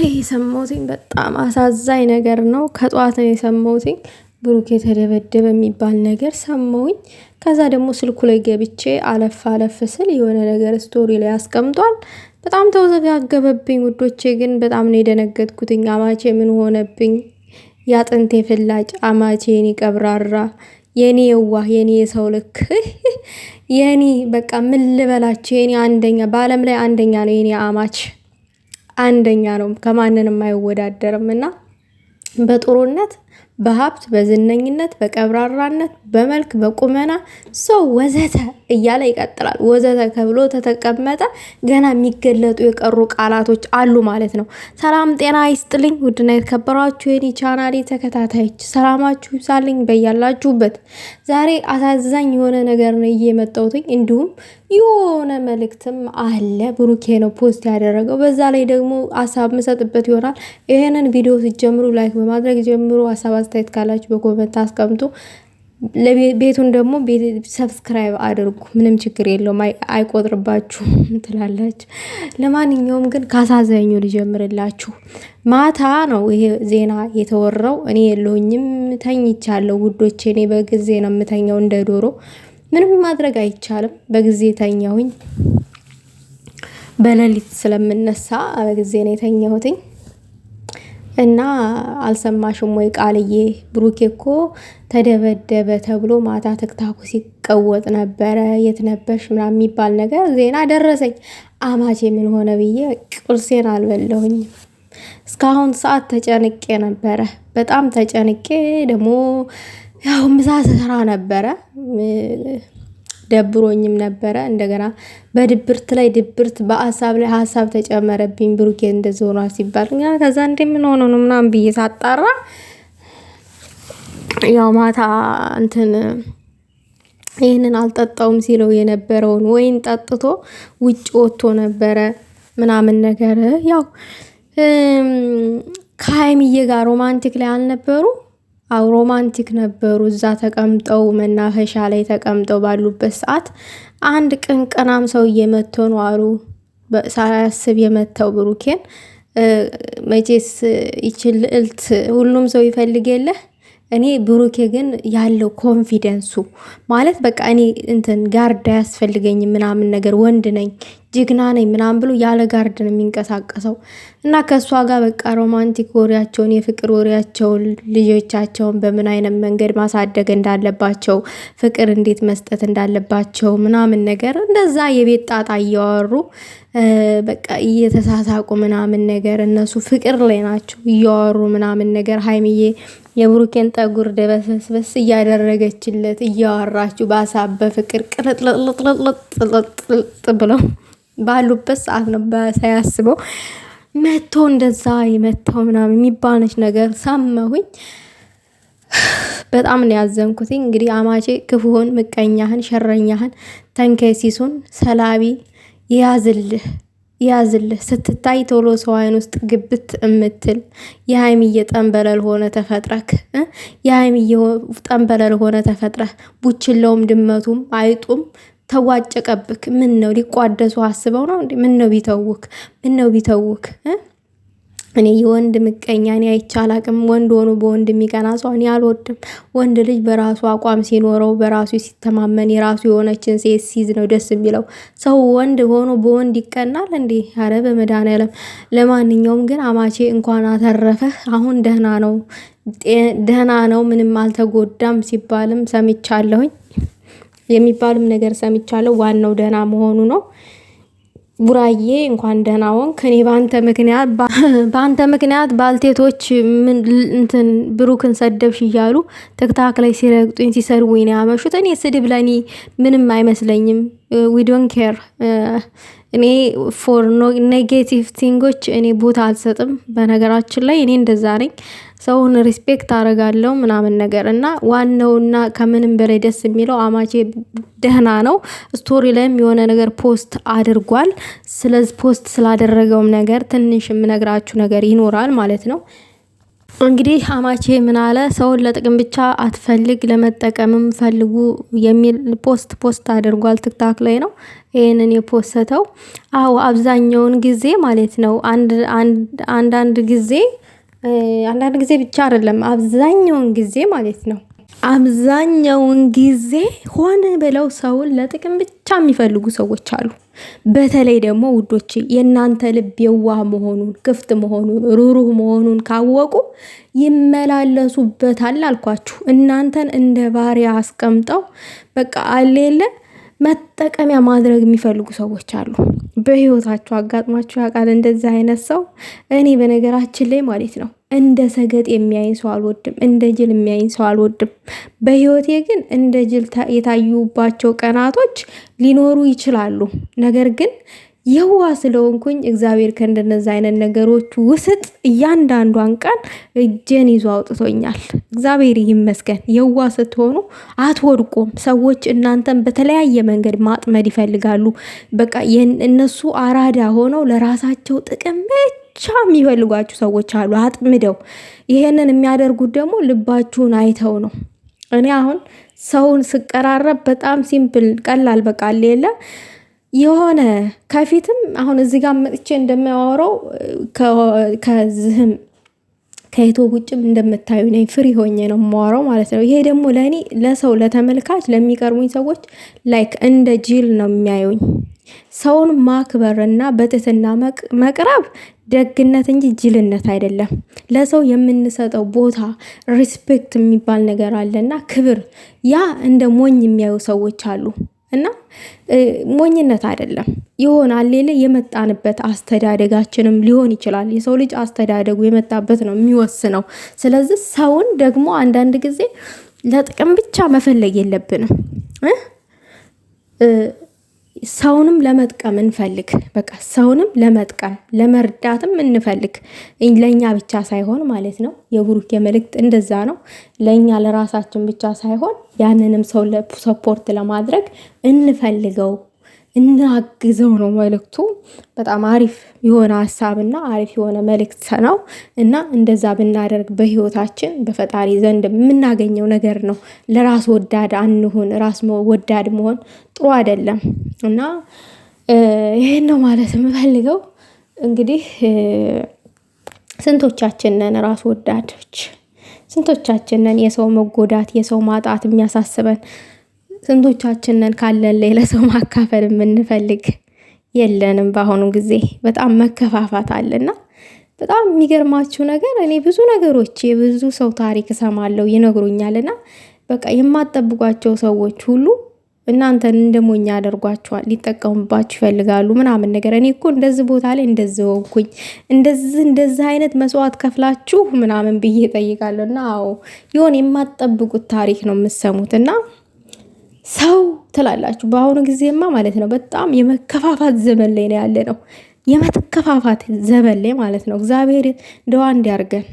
ዛሬ የሰማሁትኝ በጣም አሳዛኝ ነገር ነው። ከጠዋት ነው የሰማሁትኝ ብሩክ የተደበደበ የሚባል ነገር ሰማሁኝ። ከዛ ደግሞ ስልኩ ላይ ገብቼ አለፍ አለፍ ስል የሆነ ነገር ስቶሪ ላይ አስቀምጧል። በጣም ተወዘጋገበብኝ ውዶቼ፣ ግን በጣም ነው የደነገጥኩትኝ። አማቼ ምን ሆነብኝ? ያጥንቴ ፍላጭ አማቼ፣ የኔ ቀብራራ፣ የኔ የዋህ፣ የኔ የሰው ልክ፣ የኔ በቃ ምን ልበላቸው፣ የኔ አንደኛ፣ በአለም ላይ አንደኛ ነው የኔ አማች። አንደኛ ነው፣ ከማንንም አይወዳደርም እና በጥሩነት በሀብት በዝነኝነት በቀብራራነት በመልክ በቁመና ሰው ወዘተ እያለ ይቀጥላል። ወዘተ ከብሎ ተተቀመጠ። ገና የሚገለጡ የቀሩ ቃላቶች አሉ ማለት ነው። ሰላም ጤና ይስጥልኝ። ውድና የተከበራችሁ የኔ ቻናሌ ተከታታዮች ሰላማችሁ ይብዛልኝ በያላችሁበት። ዛሬ አሳዛኝ የሆነ ነገር ነው እዬ እንዲሁም የሆነ መልእክትም አለ። ብሩኬ ነው ፖስት ያደረገው። በዛ ላይ ደግሞ ሀሳብ ምሰጥበት ይሆናል። ይህንን ቪዲዮ ሲጀምሩ ላይክ በማድረግ ጀምሩ ሀሳብ አስተያየት ካላችሁ በኮመንት አስቀምጡ። ቤቱን ደግሞ ሰብስክራይብ አድርጉ። ምንም ችግር የለውም፣ አይቆጥርባችሁ ትላላችሁ። ለማንኛውም ግን ካሳዘኙ ልጀምርላችሁ። ማታ ነው ይሄ ዜና የተወራው። እኔ የለሁኝም ተኝቻለሁ ውዶች። እኔ በጊዜ ነው የምተኛው እንደ ዶሮ። ምንም ማድረግ አይቻልም። በጊዜ ተኛሁኝ። በሌሊት ስለምነሳ በጊዜ ነው የተኛሁትኝ። እና አልሰማሽም ወይ ቃልዬ ብሩኬ እኮ ተደበደበ ተብሎ ማታ ትክታኩ ሲቀወጥ ነበረ። የት ነበርሽ ምናምን የሚባል ነገር ዜና ደረሰኝ። አማች የምን ሆነ ብዬ ቁርሴን አልበለሁኝ። እስካሁን ሰዓት ተጨንቄ ነበረ። በጣም ተጨንቄ ደግሞ ያው ምሳ ስራ ነበረ ደብሮኝም ነበረ። እንደገና በድብርት ላይ ድብርት፣ በሀሳብ ላይ ሀሳብ ተጨመረብኝ። ብሩኬ እንደዚህ ሆኗል ሲባል ከዛ እንደምንሆነው ነው ምናምን ብዬ ሳጣራ ያው ማታ እንትን ይህንን አልጠጣውም ሲለው የነበረውን ወይን ጠጥቶ ውጭ ወጥቶ ነበረ ምናምን ነገር ያው ከሀይምዬ ጋር ሮማንቲክ ላይ አልነበሩ ሮማንቲክ ነበሩ። እዛ ተቀምጠው መናፈሻ ላይ ተቀምጠው ባሉበት ሰዓት አንድ ቅን ቀናም ሰው እየመቶ ነው አሉ ሳያስብ የመተው ብሩኬን። መቼስ ይችል እልት ሁሉም ሰው ይፈልግ የለህ እኔ ብሩኬ ግን ያለው ኮንፊደንሱ ማለት በቃ እኔ እንትን ጋርድ አያስፈልገኝም ምናምን ነገር ወንድ ነኝ ጀግና ነኝ ምናምን ብሎ ያለ ጋርድ ነው የሚንቀሳቀሰው እና ከእሷ ጋር በቃ ሮማንቲክ ወሬያቸውን፣ የፍቅር ወሬያቸውን፣ ልጆቻቸውን በምን አይነት መንገድ ማሳደግ እንዳለባቸው፣ ፍቅር እንዴት መስጠት እንዳለባቸው ምናምን ነገር እንደዛ የቤት ጣጣ እያወሩ በቃ እየተሳሳቁ ምናምን ነገር እነሱ ፍቅር ላይ ናቸው እያወሩ ምናምን ነገር ሀይምዬ የብሩኬን ጠጉር ደበሰስበስ እያደረገችለት እያወራችሁ በሀሳብ በፍቅር ቅልጥልጥልጥልጥ ብለው ባሉበት ሰዓት ነው ሳያስበው መቶ እንደዛ መተው ምናምን የሚባነች ነገር ሰማሁኝ። በጣም ነው ያዘንኩት። እንግዲህ አማቼ ክፉህን፣ ምቀኛህን፣ ሸረኛህን፣ ተንከሲሱን ሰላቢ የያዝልህ። ያዝልህ ስትታይ ቶሎ ሰው አይን ውስጥ ግብት እምትል የሀይሚዬ ጠንበለል ሆነ ተፈጥረክ የሀይሚዬ ጠንበለል ሆነ ተፈጥረህ ቡችለውም ድመቱም አይጡም ተዋጨቀብክ። ምን ነው ሊቋደሱ አስበው ነው ምን ነው ቢተውክ? ምን ነው ቢተውክ? እኔ የወንድ ምቀኛ እኔ አይቼ አላቅም። ወንድ ሆኖ በወንድ የሚቀና ሰው እኔ አልወድም። ወንድ ልጅ በራሱ አቋም ሲኖረው በራሱ ሲተማመን የራሱ የሆነችን ሴት ሲይዝ ነው ደስ የሚለው። ሰው ወንድ ሆኖ በወንድ ይቀናል እንዴ? ኧረ በመድኃኒዓለም። ለማንኛውም ግን አማቼ እንኳን አተረፈህ። አሁን ደህና ነው ደህና ነው ምንም አልተጎዳም ሲባልም ሰምቻለሁኝ የሚባልም ነገር ሰምቻለሁ። ዋናው ደህና መሆኑ ነው። ቡራዬ እንኳን ደህና ወንክ። እኔ በአንተ ምክንያት በአንተ ምክንያት ባልቴቶች እንትን ብሩክን ሰደብሽ እያሉ ትክታክ ላይ ሲረግጡኝ ሲሰድቡኝ ነው ያመሹት። እኔ ስድብ ለእኔ ምንም አይመስለኝም። ዊ ዶንት ኬር እኔ ፎር ኔጌቲቭ ቲንጎች እኔ ቦታ አልሰጥም። በነገራችን ላይ እኔ እንደዛ ነኝ። ሰውን ሪስፔክት አደርጋለሁ ምናምን ነገር እና ዋናውና ከምንም በላይ ደስ የሚለው አማቼ ደህና ነው። ስቶሪ ላይም የሆነ ነገር ፖስት አድርጓል። ስለዚህ ፖስት ስላደረገውም ነገር ትንሽ የምነግራችሁ ነገር ይኖራል ማለት ነው። እንግዲህ አማቼ ምን አለ ሰውን ለጥቅም ብቻ አትፈልግ ለመጠቀምም ፈልጉ የሚል ፖስት ፖስት አድርጓል። ትክታክ ላይ ነው ይህንን የፖሰተው። አዎ አብዛኛውን ጊዜ ማለት ነው። አንዳንድ ጊዜ አንዳንድ ጊዜ ብቻ አይደለም አብዛኛውን ጊዜ ማለት ነው አብዛኛውን ጊዜ ሆነ ብለው ሰውን ለጥቅም ብቻ የሚፈልጉ ሰዎች አሉ። በተለይ ደግሞ ውዶች የእናንተ ልብ የዋህ መሆኑን ክፍት መሆኑን ሩሩህ መሆኑን ካወቁ ይመላለሱበታል። አልኳችሁ እናንተን እንደ ባሪያ አስቀምጠው በቃ አሌለ መጠቀሚያ ማድረግ የሚፈልጉ ሰዎች አሉ። በህይወታቸው አጋጥሟቸው ያውቃል እንደዚህ አይነት ሰው? እኔ በነገራችን ላይ ማለት ነው እንደ ሰገጥ የሚያይን ሰው አልወድም፣ እንደ ጅል የሚያይን ሰው አልወድም። በህይወቴ ግን እንደ ጅል የታዩባቸው ቀናቶች ሊኖሩ ይችላሉ። ነገር ግን የዋ ስለሆንኩኝ እግዚአብሔር ከእንደነዚ አይነት ነገሮች ውስጥ እያንዳንዷን ቀን እጄን ይዞ አውጥቶኛል። እግዚአብሔር ይመስገን። የዋ ስትሆኑ አትወድቁም። ሰዎች እናንተን በተለያየ መንገድ ማጥመድ ይፈልጋሉ። በቃ እነሱ አራዳ ሆነው ለራሳቸው ጥቅም ብቻ የሚፈልጓችሁ ሰዎች አሉ። አጥምደው ይሄንን የሚያደርጉት ደግሞ ልባችሁን አይተው ነው። እኔ አሁን ሰውን ስቀራረብ በጣም ሲምፕል ቀላል በቃል የለ የሆነ ከፊትም አሁን እዚህ ጋር መጥቼ እንደሚያወራው ከዚህም ከየቶ ውጭም እንደምታዩ ነኝ ፍሪ ሆኜ ነው የማወራው ማለት ነው። ይሄ ደግሞ ለእኔ ለሰው ለተመልካች ለሚቀርቡኝ ሰዎች ላይክ እንደ ጅል ነው የሚያዩኝ። ሰውን ማክበርና በትህትና መቅረብ ደግነት እንጂ ጅልነት አይደለም። ለሰው የምንሰጠው ቦታ ሪስፔክት የሚባል ነገር አለና ክብር፣ ያ እንደ ሞኝ የሚያዩ ሰዎች አሉ። እና ሞኝነት አይደለም ይሆናል ሌለ የመጣንበት አስተዳደጋችንም ሊሆን ይችላል። የሰው ልጅ አስተዳደጉ የመጣበት ነው የሚወስነው። ስለዚህ ሰውን ደግሞ አንዳንድ ጊዜ ለጥቅም ብቻ መፈለግ የለብንም። ሰውንም ለመጥቀም እንፈልግ። በቃ ሰውንም ለመጥቀም ለመርዳትም እንፈልግ፣ ለእኛ ብቻ ሳይሆን ማለት ነው። የብሩኬ መልእክት እንደዛ ነው። ለእኛ ለራሳችን ብቻ ሳይሆን ያንንም ሰው ሰፖርት ለማድረግ እንፈልገው። እናግዘው ነው መልእክቱ። በጣም አሪፍ የሆነ ሀሳብና አሪፍ የሆነ መልእክት ነው እና እንደዛ ብናደርግ በህይወታችን በፈጣሪ ዘንድ የምናገኘው ነገር ነው። ለራስ ወዳድ አንሁን። ራስ ወዳድ መሆን ጥሩ አይደለም እና ይህን ነው ማለት የምፈልገው። እንግዲህ ስንቶቻችን ነን ራስ ወዳዶች? ስንቶቻችን ነን የሰው መጎዳት የሰው ማጣት የሚያሳስበን? ስንቶቻችንን ካለን ሌላ ሰው ማካፈል የምንፈልግ የለንም። በአሁኑ ጊዜ በጣም መከፋፋት አለና በጣም የሚገርማችሁ ነገር እኔ ብዙ ነገሮች የብዙ ሰው ታሪክ እሰማለሁ ይነግሩኛልና በቃ የማጠብቋቸው ሰዎች ሁሉ እናንተን እንደሞኛ ያደርጓችኋል። ሊጠቀሙባችሁ ይፈልጋሉ ምናምን ነገር እኔ እኮ እንደዚህ ቦታ ላይ እንደዚህ ወኩኝ እንደዚህ እንደዚህ አይነት መስዋዕት ከፍላችሁ ምናምን ብዬ ጠይቃለሁ። እና አዎ የሆነ የማጠብቁት ታሪክ ነው የምሰሙት እና ሰው ትላላችሁ። በአሁኑ ጊዜማ ማለት ነው በጣም የመከፋፋት ዘመን ላይ ነው ያለ ነው። የመከፋፋት ዘመን ላይ ማለት ነው። እግዚአብሔር እንደዋ እንዲያርገን